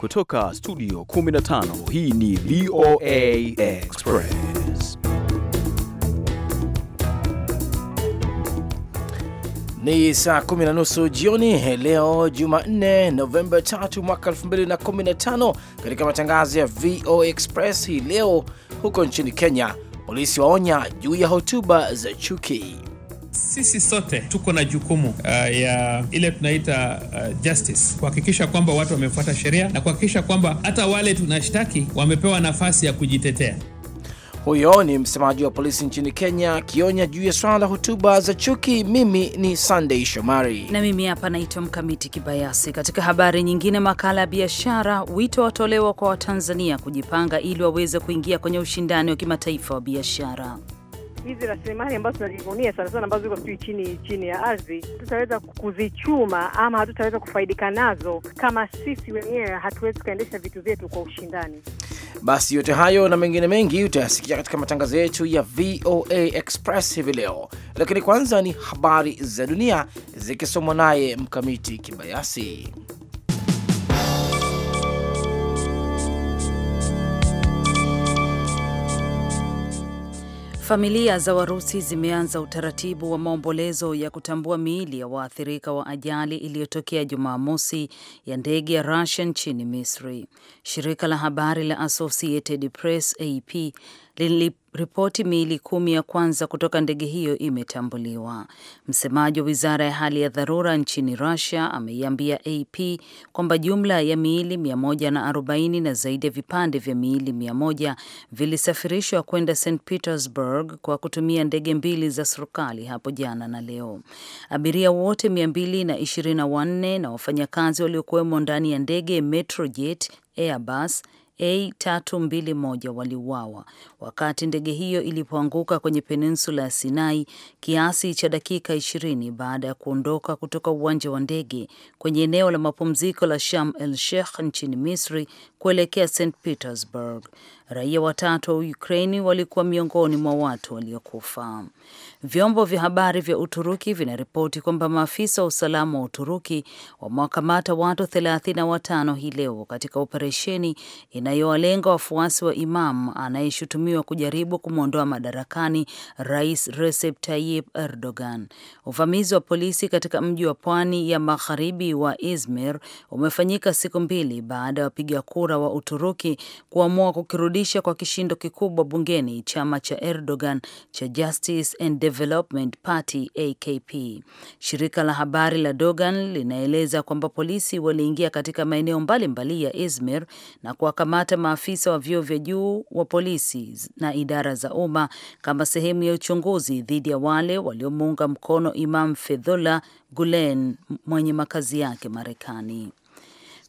Kutoka studio 15 hii ni VOA Express. Ni saa kumi na nusu jioni leo Jumanne, Novemba 3 mwaka 2015. Katika matangazo ya VOA Express hii leo, huko nchini Kenya polisi waonya juu ya hotuba za chuki. Sisi sote tuko na jukumu uh, ya ile tunaita uh, justice, kuhakikisha kwamba watu wamefuata sheria na kuhakikisha kwamba hata wale tunashtaki wamepewa nafasi ya kujitetea. Huyo ni msemaji wa polisi nchini Kenya akionya juu ya swala la hotuba za chuki. Mimi ni Sunday Shomari na mimi hapa naitwa Mkamiti Kibayasi. Katika habari nyingine, makala ya biashara, wito watolewa kwa Watanzania kujipanga ili waweze kuingia kwenye ushindani wa kimataifa wa biashara hizi rasilimali ambazo tunajivunia sana sana ambazo ziko tu chini chini ya ardhi, tutaweza kuzichuma ama hatutaweza kufaidika nazo kama sisi wenyewe hatuwezi tukaendesha vitu vyetu kwa ushindani. Basi yote hayo na mengine mengi utayasikia katika matangazo yetu ya VOA Express hivi leo, lakini kwanza ni habari za dunia zikisomwa naye Mkamiti Kibayasi. Familia za Warusi zimeanza utaratibu wa maombolezo ya kutambua miili ya waathirika wa ajali iliyotokea Jumamosi ya ndege ya russia nchini Misri. Shirika la habari la Associated Press AP ripoti miili kumi ya kwanza kutoka ndege hiyo imetambuliwa. Msemaji wa wizara ya hali ya dharura nchini Russia ameiambia AP kwamba jumla ya miili 140 na zaidi ya vipande vya miili 100 vilisafirishwa kwenda St Petersburg kwa kutumia ndege mbili za serikali hapo jana na leo. Abiria wote 224 na wafanyakazi waliokuwemo ndani ya ndege Metrojet, Airbus A321 waliuawa wakati ndege hiyo ilipoanguka kwenye peninsula ya Sinai kiasi cha dakika 20 baada ya kuondoka kutoka uwanja wa ndege kwenye eneo la mapumziko la Sharm el Sheikh nchini Misri kuelekea St Petersburg. Raia watatu wa Ukraini walikuwa miongoni mwa watu waliokufa. Vyombo vya habari vya Uturuki vinaripoti kwamba maafisa wa usalama wa Uturuki wamewakamata watu 35 hii leo katika operesheni inayowalenga wafuasi wa Imam anayeshutumiwa kujaribu kumwondoa madarakani Rais Recep Tayyip Erdogan. Uvamizi wa polisi katika mji wa pwani ya magharibi wa Izmir umefanyika siku mbili baada ya wapiga kura wa Uturuki kuamua kukirudia kukaribisha kwa kishindo kikubwa bungeni chama cha Erdogan cha Justice and Development Party AKP. Shirika la habari la Dogan linaeleza kwamba polisi waliingia katika maeneo mbalimbali ya Izmir na kuwakamata maafisa wa vyeo vya juu wa polisi na idara za umma kama sehemu ya uchunguzi dhidi ya wale waliomuunga mkono Imam Fedhullah Gulen mwenye makazi yake Marekani.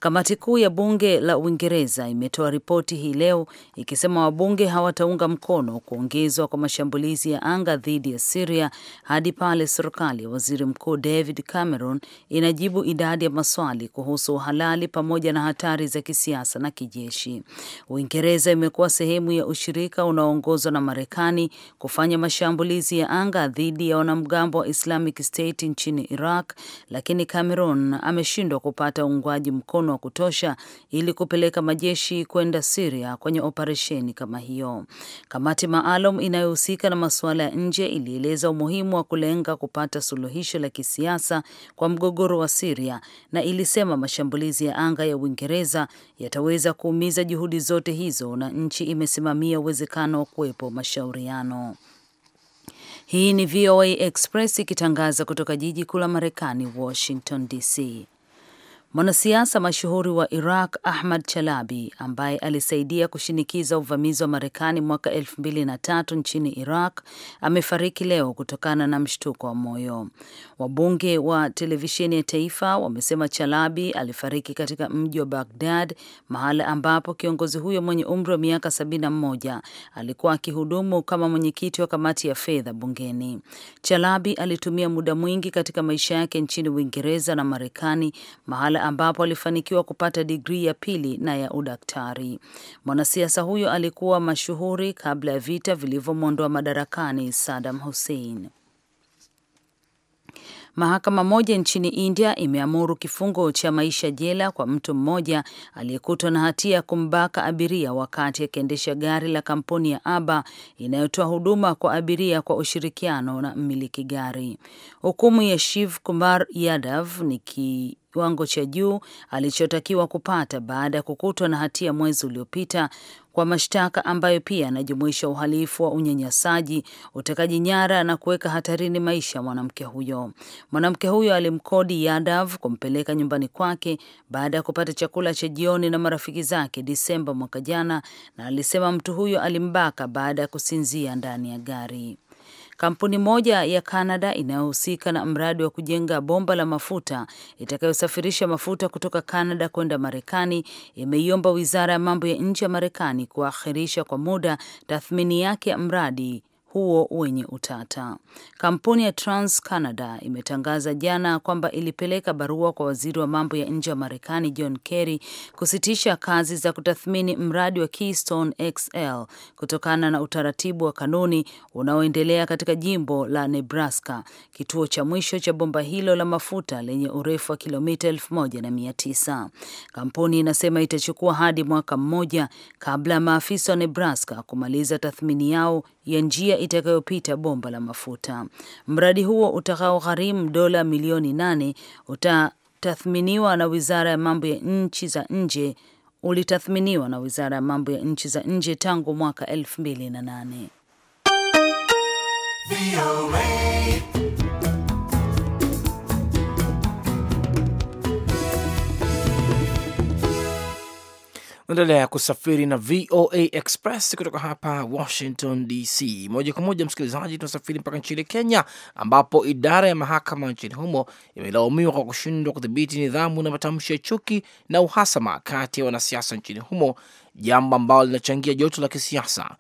Kamati kuu ya bunge la Uingereza imetoa ripoti hii leo ikisema wabunge hawataunga mkono kuongezwa kwa mashambulizi ya anga dhidi ya Siria hadi pale serikali ya waziri mkuu David Cameron inajibu idadi ya maswali kuhusu uhalali pamoja na hatari za kisiasa na kijeshi. Uingereza imekuwa sehemu ya ushirika unaoongozwa na Marekani kufanya mashambulizi ya anga dhidi ya wanamgambo wa Islamic State nchini Iraq, lakini Cameron ameshindwa kupata uungwaji mkono wa kutosha ili kupeleka majeshi kwenda Siria kwenye operesheni kama hiyo. Kamati maalum inayohusika na masuala ya nje ilieleza umuhimu wa kulenga kupata suluhisho la kisiasa kwa mgogoro wa Siria na ilisema mashambulizi ya anga ya Uingereza yataweza kuumiza juhudi zote hizo na nchi imesimamia uwezekano wa kuwepo mashauriano. Hii ni VOA Express ikitangaza kutoka jiji kuu la Marekani, Washington DC. Mwanasiasa mashuhuri wa Iraq Ahmad Chalabi ambaye alisaidia kushinikiza uvamizi wa Marekani mwaka elfu mbili na tatu nchini Iraq amefariki leo kutokana na mshtuko wa moyo. Wabunge wa televisheni ya taifa wamesema Chalabi alifariki katika mji wa Baghdad, mahala ambapo kiongozi huyo mwenye umri wa miaka 71 alikuwa akihudumu kama mwenyekiti wa kamati ya fedha bungeni. Chalabi alitumia muda mwingi katika maisha yake nchini Uingereza na Marekani mahala ambapo alifanikiwa kupata digrii ya pili na ya udaktari. Mwanasiasa huyo alikuwa mashuhuri kabla ya vita vilivyomwondoa madarakani Saddam Hussein. Mahakama moja nchini India imeamuru kifungo cha maisha jela kwa mtu mmoja aliyekutwa na hatia ya kumbaka abiria wakati akiendesha gari la kampuni ya Aba inayotoa huduma kwa abiria kwa ushirikiano na mmiliki gari. Hukumu ya Shiv Kumar Yadav ni ki kiwango cha juu alichotakiwa kupata baada ya kukutwa na hatia mwezi uliopita kwa mashtaka ambayo pia yanajumuisha uhalifu wa unyanyasaji, utekaji nyara na kuweka hatarini maisha ya mwanamke huyo. Mwanamke huyo alimkodi Yadav kumpeleka nyumbani kwake baada ya kupata chakula cha jioni na marafiki zake Disemba mwaka jana, na alisema mtu huyo alimbaka baada ya kusinzia ndani ya gari. Kampuni moja ya Canada inayohusika na mradi wa kujenga bomba la mafuta itakayosafirisha mafuta kutoka Canada kwenda Marekani imeiomba wizara ya mambo ya nje ya Marekani kuakhirisha kwa muda tathmini yake ya mradi huo wenye utata. Kampuni ya Trans Canada imetangaza jana kwamba ilipeleka barua kwa waziri wa mambo ya nje wa Marekani John Kerry kusitisha kazi za kutathmini mradi wa Keystone XL kutokana na utaratibu wa kanuni unaoendelea katika jimbo la Nebraska, kituo cha mwisho cha bomba hilo la mafuta lenye urefu wa kilomita 19 Kampuni inasema itachukua hadi mwaka mmoja kabla ya maafisa wa Nebraska kumaliza tathmini yao ya njia itakayopita bomba la mafuta. Mradi huo utakaogharimu dola milioni nane utatathminiwa na wizara ya mambo ya nchi za nje ulitathminiwa na wizara ya mambo ya nchi za nje tangu mwaka elfu mbili na nane. Naendelea kusafiri na VOA Express kutoka hapa Washington DC. Moja kwa moja, msikilizaji, tunasafiri mpaka nchini Kenya, ambapo idara ya mahakama nchini humo imelaumiwa kwa kushindwa kudhibiti nidhamu na matamshi ya chuki na uhasama kati ya wanasiasa nchini humo, jambo ambalo linachangia joto la kisiasa.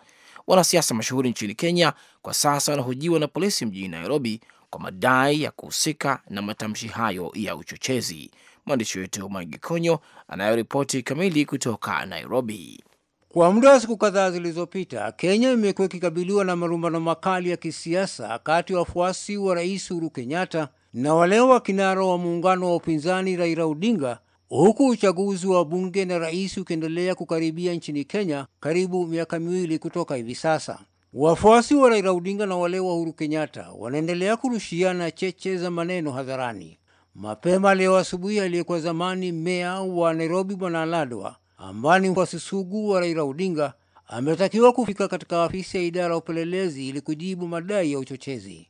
Wanasiasa mashuhuri nchini Kenya kwa sasa wanahojiwa na polisi mjini Nairobi kwa madai ya kuhusika na matamshi hayo ya uchochezi. Mwandishi wetu Mwangi Konyo anayoripoti kamili kutoka Nairobi. Kwa muda wa siku kadhaa zilizopita, Kenya imekuwa ikikabiliwa na marumbano makali ya kisiasa kati ya wafuasi wa Rais Uhuru Kenyatta na wale wa kinara wa muungano wa upinzani Raila Odinga, huku uchaguzi wa bunge na rais ukiendelea kukaribia nchini Kenya karibu miaka miwili kutoka hivi sasa. Wafuasi wa Raila Odinga na wale wa Uhuru Kenyatta wanaendelea kurushiana cheche za maneno hadharani. Mapema leo asubuhi, aliyekuwa zamani meya wa Nairobi Bwana Ladwa ambani sugu wa Raila Odinga ametakiwa kufika katika afisi ya idara ya upelelezi ili kujibu madai ya uchochezi.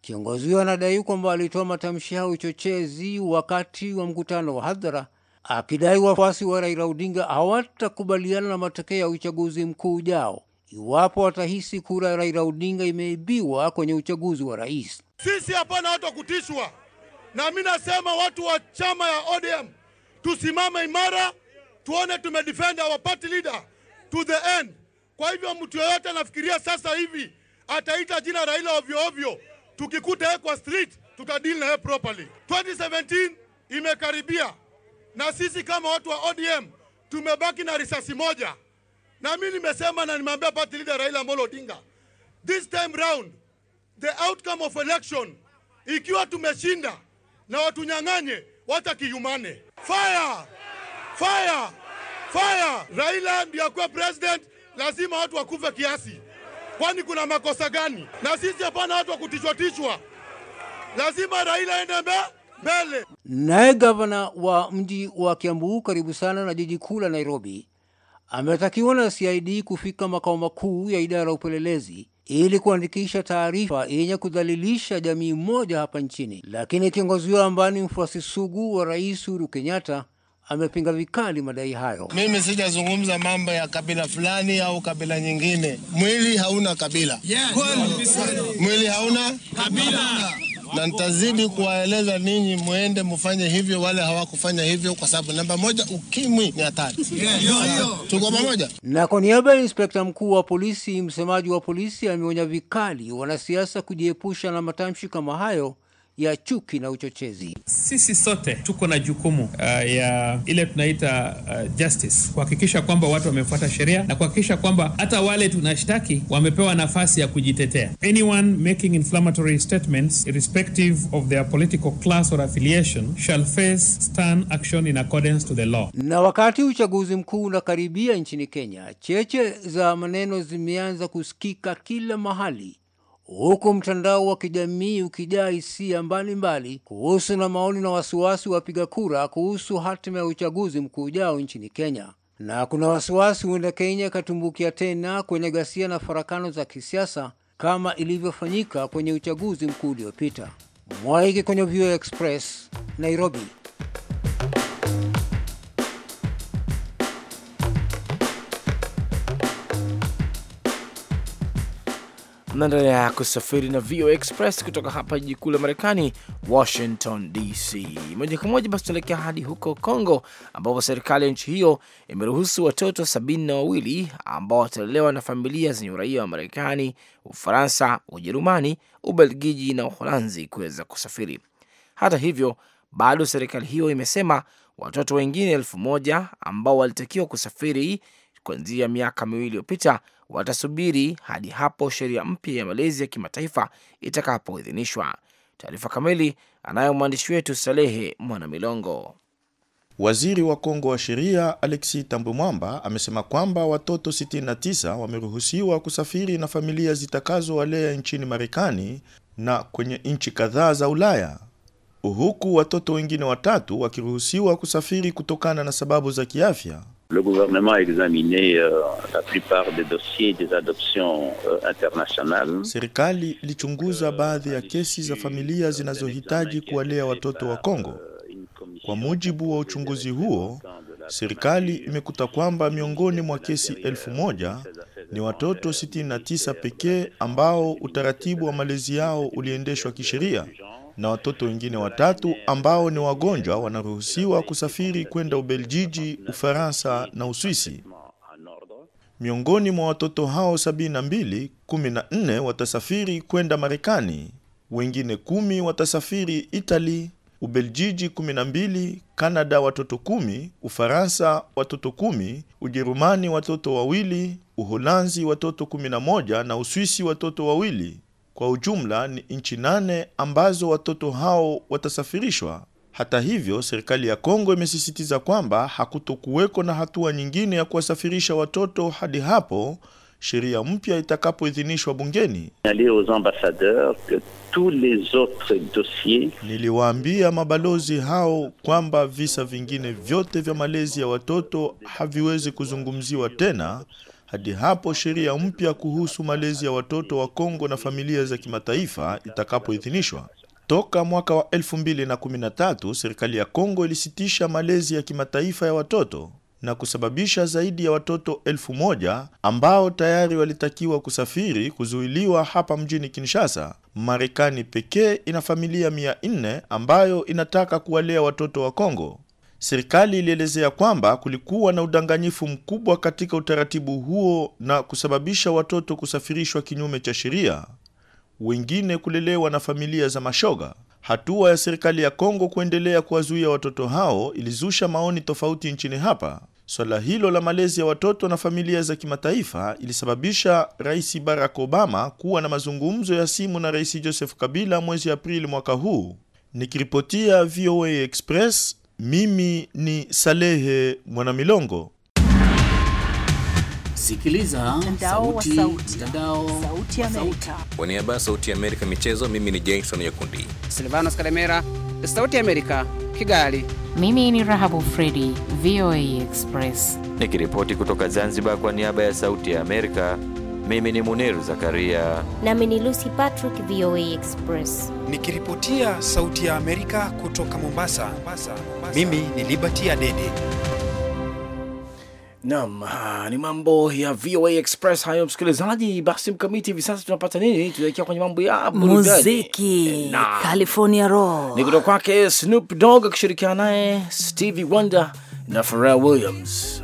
Kiongozi huyo anadai kwamba alitoa matamshi hayo uchochezi wakati wa mkutano wa hadhara, akidai wafuasi wa Raila Odinga hawatakubaliana na matokeo ya uchaguzi mkuu ujao iwapo watahisi kura ya Raila Odinga imeibiwa kwenye uchaguzi wa rais. Sisi hapana watu kutishwa na mimi nasema watu wa chama ya ODM tusimame imara, tuone tumedefend our party leader to the end. Kwa hivyo mtu yoyote anafikiria sasa hivi ataita jina Raila ovyo ovyo, tukikuta yeye kwa street tutadeal na yeye properly. 2017 imekaribia na sisi kama watu wa ODM tumebaki na risasi moja, na mimi nimesema na nimeambia party leader Raila Amolo Odinga, this time round the outcome of election ikiwa tumeshinda na watunyang'anye wata kiyumane. Fire! Fire! Fire! Raila ndiye akuwe president, lazima watu wakufe kiasi. Kwani kuna makosa gani? Na sisi hapana watu wa kutishwa tishwa, lazima Raila ende mbele. Naye gavana wa mji wa Kiambu, karibu sana na jiji kuu la Nairobi, ametakiwa na CID kufika makao makuu ya idara ya upelelezi ili kuandikisha taarifa yenye kudhalilisha jamii moja hapa nchini. Lakini kiongozi huyo ambaye ni mfuasi sugu wa Rais Uhuru Kenyatta amepinga vikali madai hayo. Mimi sijazungumza mambo ya kabila fulani au kabila nyingine. Mwili hauna kabila. Yes. Mwili hauna kabila na nitazidi kuwaeleza ninyi muende mufanye hivyo, wale hawakufanya hivyo, kwa sababu namba moja, ukimwi ni hatari. Tuko pamoja. Na kwa niaba ya inspekta mkuu wa polisi, msemaji wa polisi ameonya vikali wanasiasa kujiepusha na matamshi kama hayo ya chuki na uchochezi. Sisi sote tuko na jukumu uh, ya ile tunaita uh, justice, kuhakikisha kwamba watu wamefuata sheria na kuhakikisha kwamba hata wale tunashtaki wamepewa nafasi ya kujitetea. Anyone making inflammatory statements irrespective of their political class or affiliation shall face stern action in accordance to the law. Na wakati uchaguzi mkuu unakaribia nchini Kenya, cheche za maneno zimeanza kusikika kila mahali huku mtandao wa kijamii ukijaa hisia mbalimbali kuhusu na maoni na wasiwasi wapiga kura kuhusu hatima ya uchaguzi mkuu ujao nchini Kenya na kuna wasiwasi huenda Kenya ikatumbukia tena kwenye ghasia na farakano za kisiasa kama ilivyofanyika kwenye uchaguzi mkuu uliopita. Mwaiki kwenye View Express, Nairobi. Naendelea kusafiri na VOA Express kutoka hapa jiji kuu la Marekani, Washington DC. Moja kwa moja basi tunaelekea hadi huko Congo, ambapo serikali ya nchi hiyo imeruhusu watoto sabini na wawili ambao watalelewa na familia zenye uraia wa Marekani, Ufaransa, Ujerumani, Ubelgiji na Uholanzi kuweza kusafiri. Hata hivyo, bado serikali hiyo imesema watoto wengine elfu moja ambao walitakiwa kusafiri kuanzia miaka miwili iliyopita watasubiri hadi hapo sheria mpya ya malezi ya kimataifa itakapoidhinishwa. Taarifa kamili anayo mwandishi wetu Salehe Mwanamilongo. Waziri wa Kongo wa sheria Alexi Tambwe Mwamba amesema kwamba watoto 69 wameruhusiwa kusafiri na familia zitakazowalea nchini Marekani na kwenye nchi kadhaa za Ulaya, huku watoto wengine watatu wakiruhusiwa kusafiri kutokana na sababu za kiafya. Le gouvernement a examiné euh, la plupart des dossiers des adoptions euh, internationales. Serikali ilichunguza euh, baadhi ya kesi za familia zinazohitaji kuwalea watoto wa Kongo. Kwa mujibu wa uchunguzi huo, serikali imekuta kwamba miongoni mwa kesi elfu moja ni watoto 69 pekee ambao utaratibu wa malezi yao uliendeshwa kisheria na watoto wengine watatu ambao ni wagonjwa wanaruhusiwa kusafiri kwenda Ubeljiji, Ufaransa na Uswisi. Miongoni mwa watoto hao 72, 14 watasafiri kwenda Marekani, wengine kumi watasafiri Itali, Ubeljiji 12, Kanada watoto kumi, Ufaransa watoto kumi, Ujerumani watoto wawili, Uholanzi watoto 11 na Uswisi watoto wawili. Kwa ujumla ni nchi nane ambazo watoto hao watasafirishwa. Hata hivyo, serikali ya Kongo imesisitiza kwamba hakutokuweko na hatua nyingine ya kuwasafirisha watoto hadi hapo sheria mpya itakapoidhinishwa bungeni. Niliwaambia mabalozi hao kwamba visa vingine vyote vya malezi ya watoto haviwezi kuzungumziwa tena hadi hapo sheria mpya kuhusu malezi ya watoto wa Kongo na familia za kimataifa itakapoidhinishwa. Toka mwaka wa 2013 serikali ya Kongo ilisitisha malezi ya kimataifa ya watoto na kusababisha zaidi ya watoto elfu moja ambao tayari walitakiwa kusafiri kuzuiliwa hapa mjini Kinshasa. Marekani pekee ina familia 400 ambayo inataka kuwalea watoto wa Kongo. Serikali ilielezea kwamba kulikuwa na udanganyifu mkubwa katika utaratibu huo na kusababisha watoto kusafirishwa kinyume cha sheria, wengine kulelewa na familia za mashoga. Hatua ya serikali ya Kongo kuendelea kuwazuia watoto hao ilizusha maoni tofauti nchini hapa. Swala hilo la malezi ya watoto na familia za kimataifa ilisababisha Rais Barack Obama kuwa na mazungumzo ya simu na Rais Joseph Kabila mwezi Aprili mwaka huu. Nikiripotia VOA Express mimi ni Salehe Mwanamilongo. Sikiliza mtandao wa sauti, sauti Kwa niaba ya sauti ya Amerika michezo, mimi ni Jason Yakundi. Silvanos Kalemera, sauti ya Amerika, Kigali. Mimi ni Rahabu Fredi, VOA Express. Nikiripoti kutoka Zanzibar kwa niaba ya sauti ya Amerika. Mimi ni Muniru Zakaria nami ni Lucy Patrick, VOA Express nikiripotia Sauti ya Amerika kutoka Mombasa. Mombasa, Mombasa. Mimi ni Liberty Adede. Naam, ah, ni mambo ya VOA Express hayo, msikilizaji. Basi mkamiti, hivi sasa tunapata nini? Tunaelekea kwenye mambo ya muziki. Eh, California Roll ni kutoka kwake Snoop Dogg akishirikiana naye Stevie Wonder na Pharrell Williams.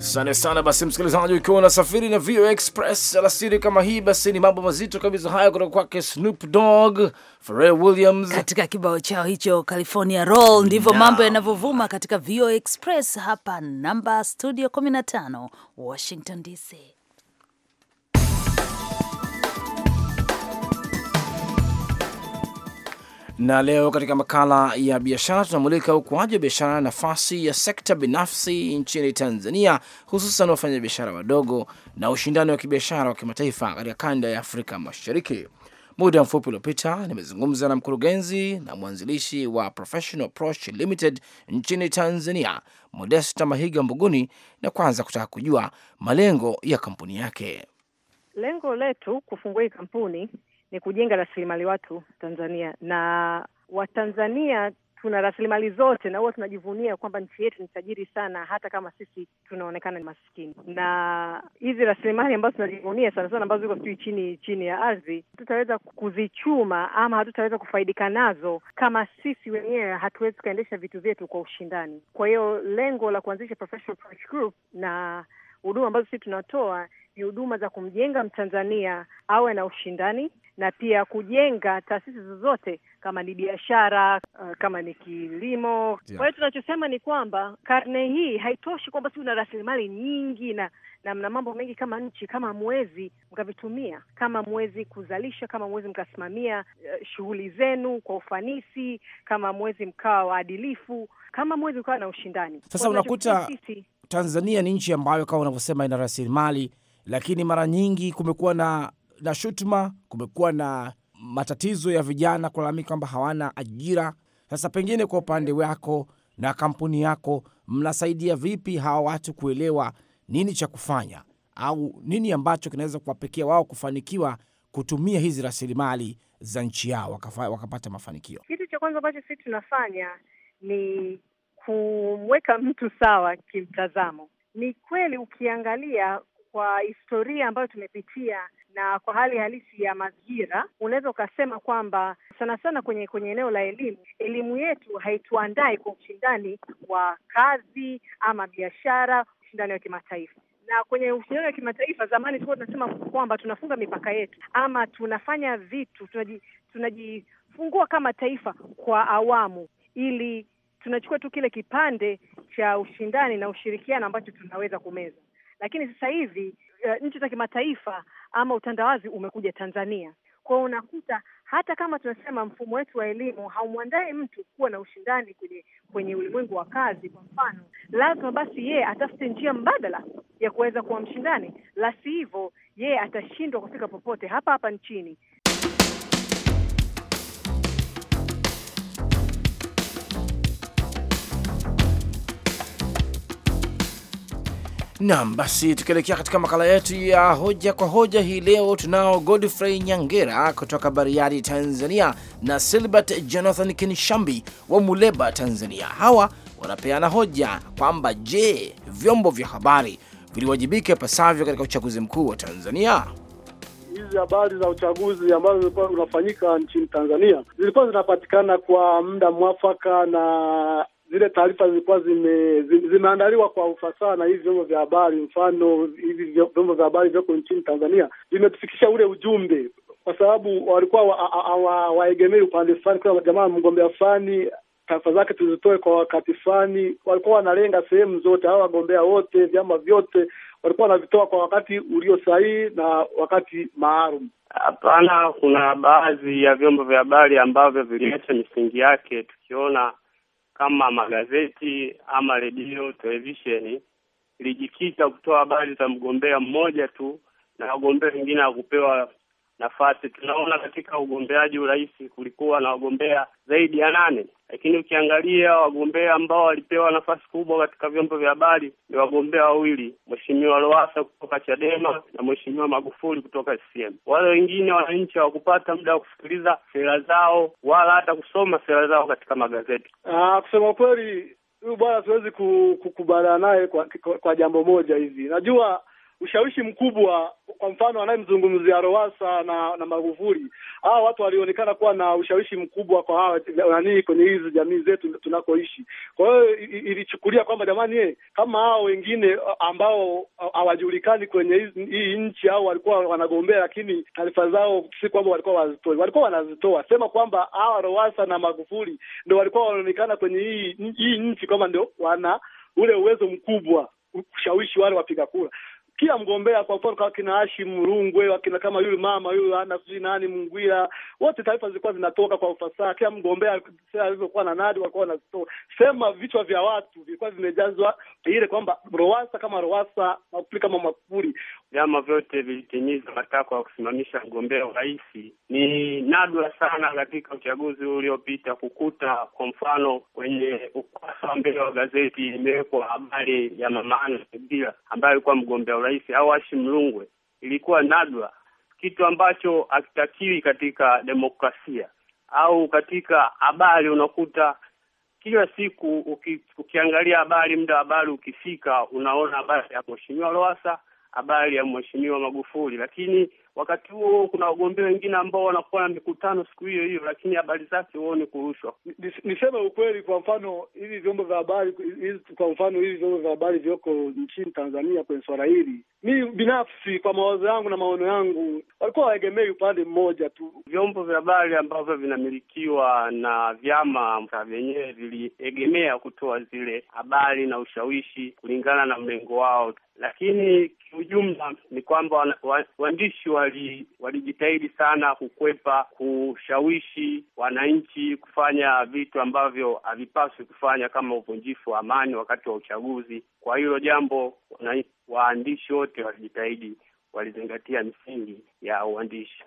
Asante sana. Basi msikilizaji, ukiwa unasafiri na VOA Express alasiri kama hii, basi ni mambo mazito kabisa haya kutoka kwake Snoop Dogg, Pharrell Williams katika kibao chao hicho California Roll. Ndivyo mambo yanavyovuma katika VOA Express hapa namba studio 15 Washington DC. na leo katika makala ya biashara tunamulika ukuaji wa biashara na nafasi ya sekta binafsi nchini Tanzania, hususan wafanyabiashara wadogo na ushindani wa kibiashara wa kimataifa katika kanda ya Afrika Mashariki. Muda mfupi uliopita nimezungumza na mkurugenzi na mwanzilishi wa Professional Limited nchini Tanzania, Modesta Mahiga Mbuguni, na kwanza kutaka kujua malengo ya kampuni yake. Lengo letu kufungua hii kampuni ni kujenga rasilimali watu Tanzania, na Watanzania tuna rasilimali zote na huwa tunajivunia kwamba nchi yetu ni tajiri sana, hata kama sisi tunaonekana ni masikini. Na hizi rasilimali ambazo tunajivunia sana sana, ambazo ziko sijui chini chini ya ardhi, hatutaweza kuzichuma ama hatutaweza kufaidika nazo kama sisi wenyewe hatuwezi tukaendesha vitu vyetu kwa ushindani. Kwa hiyo lengo la kuanzisha Professional Group na huduma ambazo sisi tunatoa ni huduma za kumjenga Mtanzania awe na ushindani na pia kujenga taasisi zozote, kama ni biashara, uh, kama ni kilimo yeah. Kwa hiyo tunachosema ni kwamba karne hii haitoshi kwamba si una rasilimali nyingi na na mna mambo mengi kama nchi, kama mwezi mkavitumia, kama mwezi kuzalisha, kama mwezi mkasimamia uh, shughuli zenu kwa ufanisi, kama mwezi mkawa waadilifu, kama mwezi ukawa na ushindani. Sasa unakuta Tanzania ni nchi ambayo kama unavyosema ina rasilimali, lakini mara nyingi kumekuwa na, na shutuma, kumekuwa na matatizo ya vijana kulalamika kwamba hawana ajira. Sasa pengine kwa upande wako na kampuni yako mnasaidia vipi hawa watu kuelewa nini cha kufanya au nini ambacho kinaweza kuwapekea wao kufanikiwa kutumia hizi rasilimali za nchi yao wakapata mafanikio? Kitu cha kwanza ambacho sisi tunafanya ni kumweka mtu sawa kimtazamo. Ni kweli ukiangalia kwa historia ambayo tumepitia na kwa hali halisi ya mazingira, unaweza ukasema kwamba sana sana kwenye kwenye eneo la elimu, elimu yetu haituandai kwa ushindani wa kazi ama biashara, ushindani wa kimataifa na kwenye ushindani wa kimataifa zamani tulikuwa tunasema kwamba tunafunga mipaka yetu ama tunafanya vitu tunaji, tunajifungua kama taifa kwa awamu ili tunachukua tu kile kipande cha ushindani na ushirikiano ambacho tunaweza kumeza. Lakini sasa hivi uh, nchi za kimataifa ama utandawazi umekuja Tanzania kwao, unakuta hata kama tunasema mfumo wetu wa elimu haumwandai mtu kuwa na ushindani kwenye kwenye ulimwengu wa kazi, kwa mfano, lazima basi yeye atafute njia mbadala ya kuweza kuwa mshindani, la si hivo yeye atashindwa kufika popote hapa hapa nchini Naam, basi tukielekea katika makala yetu ya hoja kwa hoja hii leo, tunao Godfrey Nyangera kutoka Bariadi, Tanzania na Silbert Jonathan Kinshambi wa Muleba, Tanzania. Hawa wanapeana hoja kwamba je, vyombo vya habari viliwajibike pasavyo katika uchaguzi mkuu wa Tanzania? Hizi habari za uchaguzi ambazo zilikuwa zinafanyika nchini Tanzania zilikuwa zinapatikana kwa muda mwafaka na zile taarifa zilikuwa zime, zimeandaliwa kwa ufasaha na hivi vyombo vya habari. Mfano hivi vyombo vya habari vyoko nchini Tanzania vimetufikisha ule ujumbe, kwa sababu walikuwa waegemei wa, wa, wa upande fulani. kwa jamaa mgombea fulani taarifa zake tuzitoe kwa wakati fulani. Walikuwa wanalenga sehemu zote, hawa wagombea wote, vyama vyote walikuwa wanavitoa kwa wakati ulio sahihi na wakati maalum. Hapana, kuna baadhi ya vyombo vya habari ambavyo viliacha misingi yake, tukiona kama magazeti ama redio, televisheni ilijikita kutoa habari za mgombea mmoja tu na wagombea wengine hakupewa nafasi. Tunaona katika ugombeaji urais kulikuwa na wagombea zaidi ya nane. Lakini ukiangalia wagombea ambao walipewa nafasi kubwa katika vyombo vya habari ni wagombea wawili, Mheshimiwa Lowassa kutoka Chadema na Mheshimiwa Magufuli kutoka CCM. Wale wengine wananchi hawakupata muda wa kusikiliza sera zao wala hata kusoma sera zao katika magazeti. Aa, ah, kusema kweli huyu bwana siwezi kukubaliana naye kwa, kwa, kwa jambo moja hivi. Najua ushawishi mkubwa. Kwa mfano anayemzungumzia Rowasa na na Magufuli, hawa watu walionekana kuwa na ushawishi mkubwa kwa hawa nani kwenye hizi jamii zetu tunakoishi. Kwa hiyo ilichukulia kwamba jamani, ye, eh, kama hao wengine ambao hawajulikani kwenye hii nchi au walikuwa wanagombea, lakini taarifa zao si kwamba walikuwa wazitoi, walikuwa wanazitoa, sema kwamba hawa Rowasa na Magufuli ndio walikuwa wanaonekana kwenye hii hii nchi kwamba ndio wana ule uwezo mkubwa kushawishi wale wapiga kura kila mgombea kwa mfano kina Hashim Rungwe, wakina kama yule mama yule ana sijui nani Mungwira, wote taarifa zilikuwa zinatoka kwa ufasaha. Kila mgombea alivyokuwa na nadi walikuwa wanazitoa, sema vichwa vya watu vilikuwa vimejazwa ile kwamba Rowasa kama Rowasa, makufuli kama makufuli. Vyama vyote vilitimiza matakwa ya kusimamisha mgombea urais. Ni nadra sana katika uchaguzi uliopita kukuta, kwa mfano, kwenye ukurasa wa mbele wa gazeti imewekwa habari ya mama Ana Bibila ambaye alikuwa mgombea urais au Hashim Rungwe ilikuwa nadra, kitu ambacho hakitakiwi katika demokrasia au katika habari. Unakuta kila siku uki, ukiangalia habari, muda habari ukifika, unaona habari ya mheshimiwa Lowassa, habari ya mheshimiwa Magufuli, lakini Wakati huo kuna wagombea wengine ambao wanakuwa na mikutano siku hiyo hiyo, lakini habari zake huoni kurushwa. Niseme ukweli, kwa mfano hivi vyombo vya habari, kwa mfano hivi vyombo vya habari vyoko nchini Tanzania kwenye swala hili, mi binafsi, kwa mawazo yangu na maono yangu, walikuwa waegemei upande mmoja tu. Vyombo vya habari ambavyo vinamilikiwa na vyama vyenyewe viliegemea kutoa zile habari na ushawishi kulingana na mlengo wao, lakini kiujumla ni kwamba waandishi wa walijitahidi wali sana kukwepa kushawishi wananchi kufanya vitu ambavyo havipaswi kufanya kama uvunjifu wa amani wakati wa uchaguzi. Kwa hilo jambo, waandishi wote walijitahidi, walizingatia misingi ya uandishi.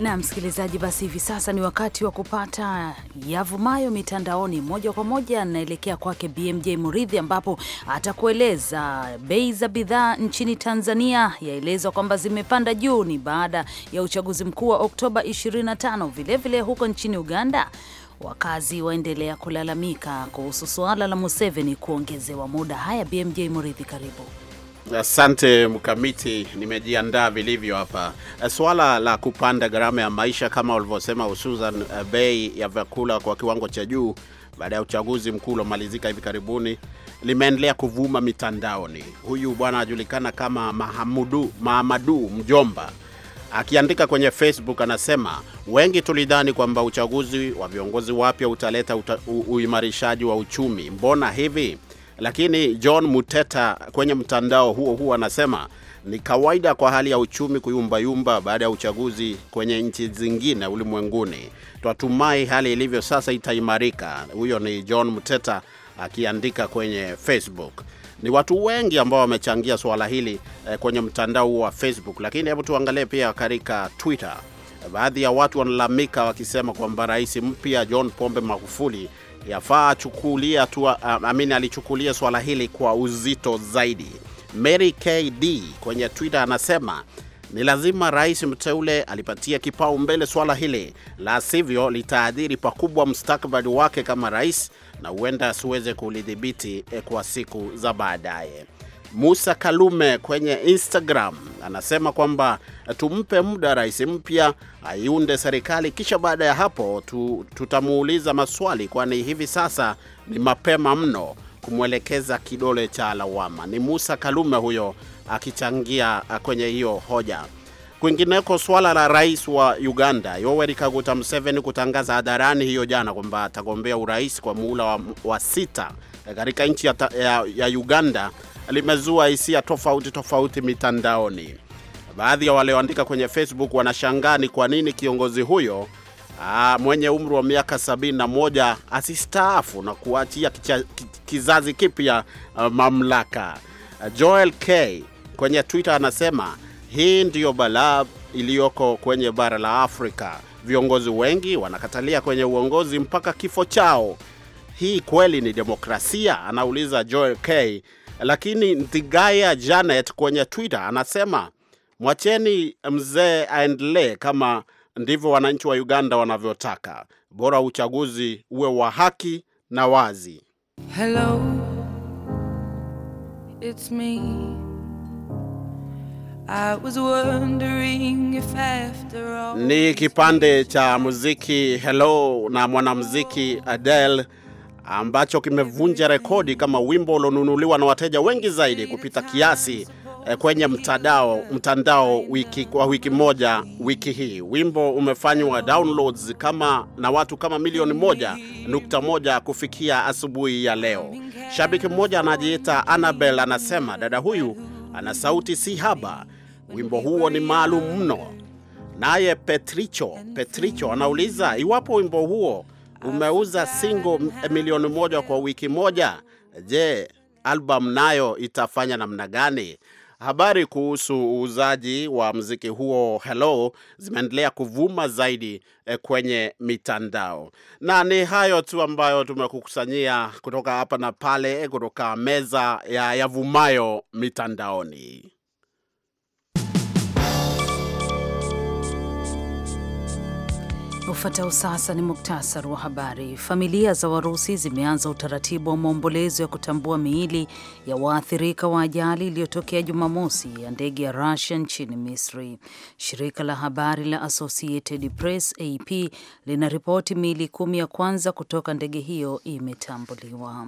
na msikilizaji, basi hivi sasa ni wakati wa kupata yavumayo mitandaoni. Moja kwa moja naelekea kwake BMJ Muridhi, ambapo atakueleza bei za bidhaa nchini Tanzania yaelezwa kwamba zimepanda juu, ni baada ya uchaguzi mkuu wa Oktoba 25. Vilevile huko nchini Uganda wakazi waendelea kulalamika kuhusu suala la Museveni kuongezewa muda. Haya, BMJ Muridhi, karibu. Asante Mkamiti, nimejiandaa vilivyo hapa. Eh, swala la kupanda gharama ya maisha kama ulivyosema, hususan eh, bei ya vyakula kwa kiwango cha juu baada ya uchaguzi mkuu uliomalizika hivi karibuni limeendelea kuvuma mitandaoni. Huyu bwana anajulikana kama Mahamudu, Mahamadu Mjomba akiandika kwenye Facebook anasema, wengi tulidhani kwamba uchaguzi wa viongozi wapya utaleta uta, u, uimarishaji wa uchumi, mbona hivi? Lakini John Muteta kwenye mtandao huo huo anasema ni kawaida kwa hali ya uchumi kuyumbayumba baada ya uchaguzi kwenye nchi zingine ulimwenguni. Twatumai hali ilivyo sasa itaimarika. Huyo ni John Muteta akiandika kwenye Facebook. Ni watu wengi ambao wamechangia suala hili eh, kwenye mtandao huo wa Facebook, lakini hebu tuangalie pia katika Twitter. Baadhi ya watu wanalalamika wakisema kwamba rais mpya John Pombe Magufuli yafaa chukulia tu, amini ah, alichukulia swala hili kwa uzito zaidi. Mary KD kwenye Twitter anasema ni lazima rais mteule alipatia kipaumbele swala hili, la sivyo litaadhiri pakubwa mustakabali wake kama rais, na huenda asiweze kulidhibiti eh, kwa siku za baadaye. Musa Kalume kwenye Instagram anasema kwamba tumpe muda rais mpya aiunde serikali, kisha baada ya hapo tu, tutamuuliza maswali, kwani hivi sasa ni mapema mno kumwelekeza kidole cha lawama. Ni Musa Kalume huyo akichangia kwenye hiyo hoja. Kwingineko, swala la rais wa Uganda Yoweri Kaguta Museveni kutangaza hadharani hiyo jana kwamba atagombea urais kwa muhula wa, wa sita katika nchi ya, ya, ya Uganda limezua hisia tofauti tofauti mitandaoni. Baadhi ya walioandika kwenye Facebook wanashangaa ni kwa nini kiongozi huyo aa, ah, mwenye umri wa miaka 71 asistaafu na kuachia kizazi kipya ah, mamlaka. Joel K kwenye Twitter anasema hii ndiyo balaa iliyoko kwenye bara la Afrika. Viongozi wengi wanakatalia kwenye uongozi mpaka kifo chao. Hii kweli ni demokrasia? Anauliza Joel K lakini Nthigaya Janet kwenye Twitter anasema mwacheni mzee aendelee kama ndivyo wananchi wa Uganda wanavyotaka, bora uchaguzi uwe wa haki na wazi. Hello, it's me. I was wondering if after all... ni kipande cha muziki Hello na mwanamuziki Adele ambacho kimevunja rekodi kama wimbo ulionunuliwa na wateja wengi zaidi kupita kiasi eh, kwenye mtandao mtandao wiki, kwa wiki moja wiki hii. Wimbo umefanywa downloads kama na watu kama milioni moja nukta moja kufikia asubuhi ya leo. Shabiki mmoja anajiita Annabel anasema dada huyu ana sauti si haba, wimbo huo ni maalum mno. Naye Petricho Petricho anauliza iwapo wimbo huo umeuza single eh, milioni moja kwa wiki moja. Je, album nayo itafanya namna gani? Habari kuhusu uuzaji wa mziki huo Hello zimeendelea kuvuma zaidi eh, kwenye mitandao. Na ni hayo tu ambayo tumekukusanyia kutoka hapa na pale, eh, kutoka meza ya yavumayo mitandaoni. Ufuatao sasa ni muktasar wa habari. Familia za Warusi zimeanza utaratibu wa maombolezo ya kutambua miili ya waathirika wa ajali iliyotokea Jumamosi ya ndege ya Rusia nchini Misri. Shirika la habari la Associated Press AP ripoti miili kumi ya kwanza kutoka ndege hiyo imetambuliwa.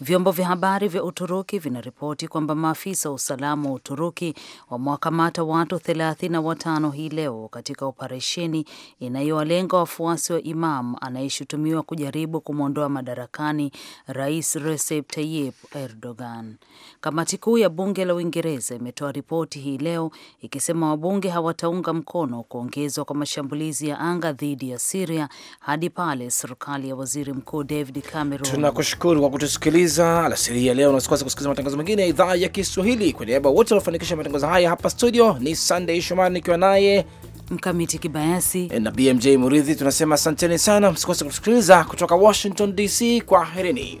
Vyombo vya habari vya Uturuki vinaripoti kwamba maafisa wa usalama wa Uturuki wamewakamata watu 35 hii leo katika operesheni inayowalenga wafuasi wa Imam anayeshutumiwa kujaribu kumwondoa madarakani Rais Recep Tayyip Erdogan. Kamati kuu ya bunge la Uingereza imetoa ripoti hii leo ikisema wabunge hawataunga mkono kuongezwa kwa mashambulizi ya anga dhidi ya Siria hadi pale serikali ya waziri mkuu David Cameron. Tunakushukuru kwa kutusikiliza alasiri ya leo, na usikose kusikiliza matangazo mengine ya idhaa ya Kiswahili. Kwa niaba wote waliofanikisha matangazo haya hapa studio, ni Sunday Shomari nikiwa naye Mkamiti Kibayasi e, na BMJ Muridhi. Tunasema asanteni sana, msikose kutusikiliza kutoka Washington DC. kwa herini